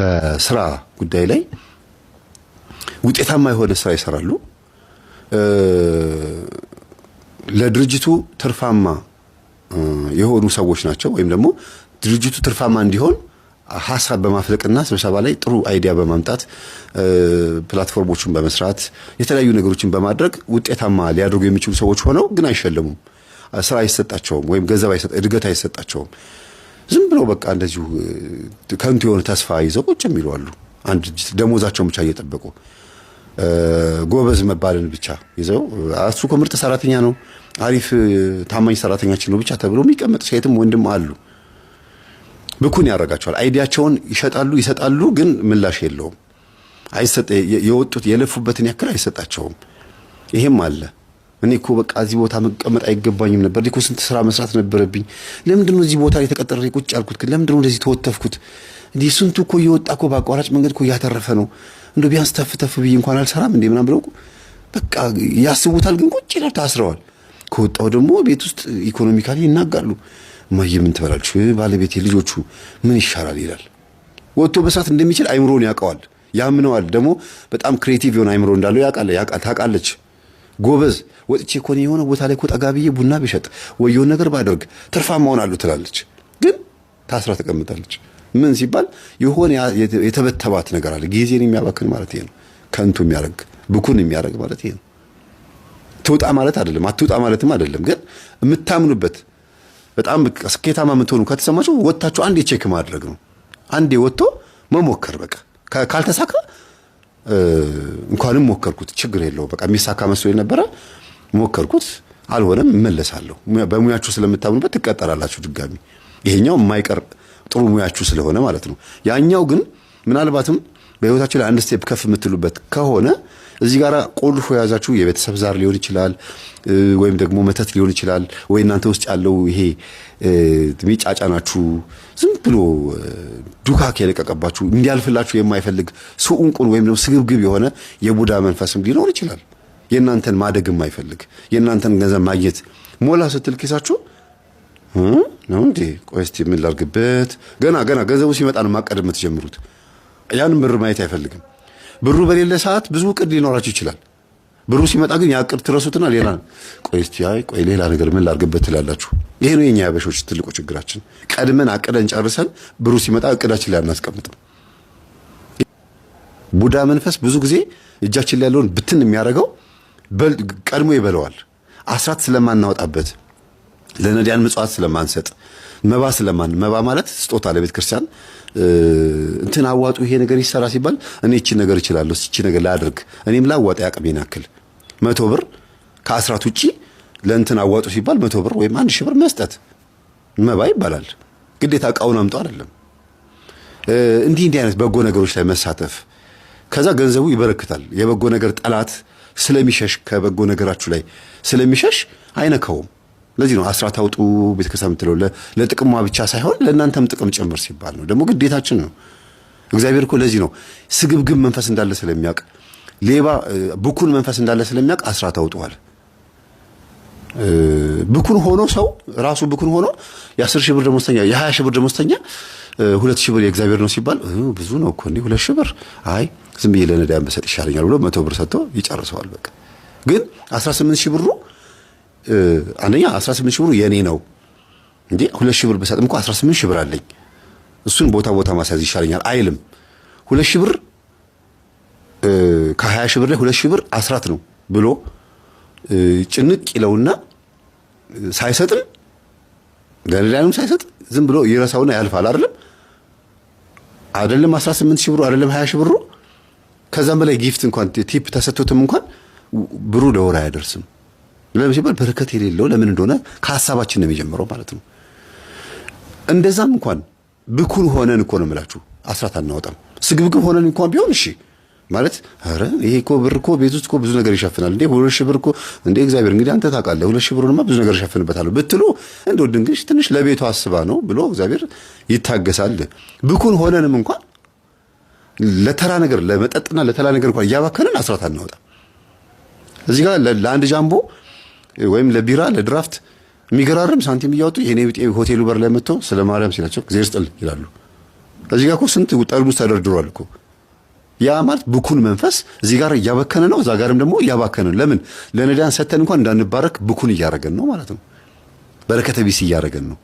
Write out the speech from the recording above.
በስራ ጉዳይ ላይ ውጤታማ የሆነ ስራ ይሰራሉ። ለድርጅቱ ትርፋማ የሆኑ ሰዎች ናቸው። ወይም ደግሞ ድርጅቱ ትርፋማ እንዲሆን ሀሳብ በማፍለቅና ስብሰባ ላይ ጥሩ አይዲያ በማምጣት ፕላትፎርሞችን በመስራት የተለያዩ ነገሮችን በማድረግ ውጤታማ ሊያደርጉ የሚችሉ ሰዎች ሆነው ግን አይሸለሙም። ስራ አይሰጣቸውም፣ ወይም ገንዘብ እድገት አይሰጣቸውም። ዝም ብለው በቃ እንደዚሁ ከንቱ የሆነ ተስፋ ይዘው ቁጭ የሚሉ አሉ። አንድ ድርጅት ደሞዛቸውን ብቻ እየጠበቁ ጎበዝ መባልን ብቻ ይዘው እሱ እኮ ምርጥ ሰራተኛ ነው፣ አሪፍ ታማኝ ሰራተኛችን ነው ብቻ ተብሎ የሚቀመጥ ሴትም ወንድም አሉ። ብኩን ያደርጋቸዋል። አይዲያቸውን ይሸጣሉ ይሰጣሉ፣ ግን ምላሽ የለውም። አይሰጥ የወጡት የለፉበትን ያክል አይሰጣቸውም። ይሄም አለ። እኔ እኮ በቃ እዚህ ቦታ መቀመጥ አይገባኝም ነበር። እኮ ስንት ስራ መስራት ነበረብኝ። ለምንድን ነው እዚህ ቦታ የተቀጠረ ቁጭ ያልኩት? ግን ለምንድን ነው እንደዚህ ተወተፍኩት? እንዲህ ስንቱ እኮ እየወጣ እኮ በአቋራጭ መንገድ እኮ እያተረፈ ነው። እንደ ቢያንስ ተፍ ተፍ ብዬ እንኳን አልሰራም እንዴ ምናም ብለው በቃ ያስቡታል። ግን ቁጭ ይላል፣ ታስረዋል። ከወጣው ደግሞ ቤት ውስጥ ኢኮኖሚካሊ ይናጋሉ። እማዬ ምን ትበላለች? ባለቤቴ፣ ልጆቹ ምን ይሻላል ይላል። ወጥቶ መስራት እንደሚችል አይምሮን ያውቀዋል፣ ያምነዋል። ደግሞ በጣም ክሬቲቭ የሆነ አይምሮ እንዳለው ያውቃል ታውቃለች። ጎበዝ ወጥቼ እኮ እኔ የሆነ ቦታ ላይ እኮ ጠጋ ብዬ ቡና ብሸጥ ወየውን ነገር ባደርግ ትርፋማ እሆናለሁ ትላለች። ግን ታስራ ተቀምጣለች። ምን ሲባል የሆነ የተበተባት ነገር አለ። ጊዜን የሚያባክን ማለት ይሄ ነው። ከንቱ የሚያደርግ ብኩን የሚያደርግ ማለት ይሄ ነው። ትውጣ ማለት አይደለም፣ አትውጣ ማለትም አይደለም። ግን የምታምኑበት በጣም ስኬታማ የምትሆኑ ከተሰማችሁ ወጥታችሁ አንዴ ቼክ ማድረግ ነው። አንዴ ወጥቶ መሞከር በቃ ካልተሳካ እንኳንም ሞከርኩት፣ ችግር የለው በቃ የሚሳካ መስሎኝ ነበረ። ሞከርኩት፣ አልሆነም፣ እመለሳለሁ። በሙያችሁ ስለምታምኑበት ትቀጠራላችሁ ድጋሚ። ይሄኛው የማይቀር ጥሩ ሙያችሁ ስለሆነ ማለት ነው። ያኛው ግን ምናልባትም በህይወታችሁ ላይ አንድ ስቴፕ ከፍ የምትሉበት ከሆነ እዚህ ጋር ቆልፎ የያዛችሁ የቤተሰብ ዛር ሊሆን ይችላል፣ ወይም ደግሞ መተት ሊሆን ይችላል። ወይ እናንተ ውስጥ ያለው ይሄ ሚጫጫ ናችሁ፣ ዝም ብሎ ዱካክ የለቀቀባችሁ እንዲያልፍላችሁ የማይፈልግ ስኡንቁን ወይም ደግሞ ስግብግብ የሆነ የቡዳ መንፈስም ሊኖር ይችላል። የእናንተን ማደግ የማይፈልግ የእናንተን ገንዘብ ማግኘት ሞላ ስትል ኪሳችሁ ነው እንዴ? ቆይ እስቲ ገና ገና ገንዘቡ ሲመጣ ነው ማቀድ የምትጀምሩት። ያንን ብር ማየት አይፈልግም። ብሩ በሌለ ሰዓት ብዙ እቅድ ሊኖራችሁ ይችላል። ብሩ ሲመጣ ግን ያ እቅድ ትረሱትና ሌላ ቆይ እስቲ አይ ቆይ ሌላ ነገር ምን ላርግበት ትላላችሁ። ይሄ ነው የኛ ያበሾች ትልቁ ችግራችን። ቀድመን አቅደን ጨርሰን ብሩ ሲመጣ እቅዳችን ላይ አናስቀምጥም። ቡዳ መንፈስ ብዙ ጊዜ እጃችን ላይ ያለውን ብትን የሚያደርገው ቀድሞ ይበለዋል። አስራት ስለማናወጣበት ለነዳያን ምጽዋት ስለማንሰጥ መባ ስለማን መባ ማለት ስጦታ ለቤተ ክርስቲያን እንትን አዋጡ፣ ይሄ ነገር ይሰራ ሲባል እኔ እቺ ነገር እችላለሁ፣ እቺ ነገር ላድርግ፣ እኔም ላዋጣ ያቅሜን ያክል መቶ ብር ከአስራት ውጪ ለእንትን አዋጡ ሲባል መቶ ብር ወይም አንድ ሺህ ብር መስጠት መባ ይባላል። ግዴታ እቃውን አምጦ አይደለም። እንዲህ እንዲህ አይነት በጎ ነገሮች ላይ መሳተፍ ከዛ ገንዘቡ ይበረክታል። የበጎ ነገር ጠላት ስለሚሸሽ ከበጎ ነገራችሁ ላይ ስለሚሸሽ አይነካውም። ለዚህ ነው አስራት አውጡ ቤተክርስቲያን የምትለው ለጥቅሟ ብቻ ሳይሆን ለእናንተም ጥቅም ጭምር ሲባል ነው። ደግሞ ግዴታችን ነው። እግዚአብሔር እኮ ለዚህ ነው ስግብግብ መንፈስ እንዳለ ስለሚያውቅ፣ ሌባ ብኩን መንፈስ እንዳለ ስለሚያውቅ አስራት አውጡዋል። ብኩን ሆኖ ሰው ራሱ ብኩን ሆኖ የአስር ሺህ ብር ደሞዝተኛ የሀያ ሺህ ብር ደሞዝተኛ ሁለት ሺህ ብር የእግዚአብሔር ነው ሲባል ብዙ ነው እኮ እንዲህ ሁለት ሺህ ብር አይ ዝም ብዬ ለነዳያን በሰጥ ይሻለኛል ብሎ መቶ ብር ሰጥቶ ይጨርሰዋል። በቃ ግን አስራ ስምንት ሺህ ብሩ አንደኛ 18 ሺህ ብሩ የኔ ነው እንዴ ሁለት ሺህ ብር ብሰጥም እኮ 18 ሺህ ብር አለኝ እሱን ቦታ ቦታ ማስያዝ ይሻለኛል አይልም። 2 ሺህ ብር ከ20 ሺህ ብር ላይ ሁለት ሺህ ብር አስራት ነው ብሎ ጭንቅ ይለውና ሳይሰጥም ለሌላንም ሳይሰጥ ዝም ብሎ ይረሳውና ያልፋል። አይደለም አይደለም 18 ሺህ ብሩ አይደለም 20 ሺህ ብሩ ከዛም በላይ ጊፍት እንኳን ቲፕ ተሰጥቶትም እንኳን ብሩ ለወር አያደርስም። ለምን ሲባል በረከት የሌለው ለምን እንደሆነ ከሀሳባችን ነው የሚጀምረው ማለት ነው። እንደዛም እንኳን ብኩር ሆነን እኮ ነው የምላችሁ አስራት አናወጣም። ስግብግብ ሆነን እንኳን ቢሆን እሺ ማለት ኧረ ይሄ እኮ ብር እኮ ቤት ውስጥ እኮ ብዙ ነገር ይሸፍናል እንዴ ሁለት ሺህ ብር እኮ እንዴ እግዚአብሔር እንግዲህ አንተ ታውቃለህ ሁለት ሺህ ብሩንማ ብዙ ነገር ይሸፍንበታለሁ ብትሉ እንደው ድንግሽ ትንሽ ለቤቱ አስባ ነው ብሎ እግዚአብሔር ይታገሳል። ብኩን ሆነንም እንኳን ለተራ ነገር ለመጠጥና ለተራ ነገር እንኳን እያባከንን አስራት አናወጣም። እዚህ ጋር ለአንድ ጃምቦ ወይም ለቢራ ለድራፍት የሚገራርም ሳንቲም እያወጡ ይሄኔ ቢጤ ሆቴሉ በር ላይ መጥተው ስለ ማርያም ሲላቸው ጊዜ ስጥል ይላሉ። እዚህ ጋር እኮ ስንት ጠርሙስ ተደርድሯል እኮ። ያ ማለት ብኩን መንፈስ እዚህ ጋር እያበከነ ነው፣ እዛ ጋርም ደግሞ እያባከነ ለምን ለነዳያን ሰተን እንኳን እንዳንባረክ ብኩን እያደረገን ነው ማለት ነው። በረከተ ቢስ እያደረገን ነው።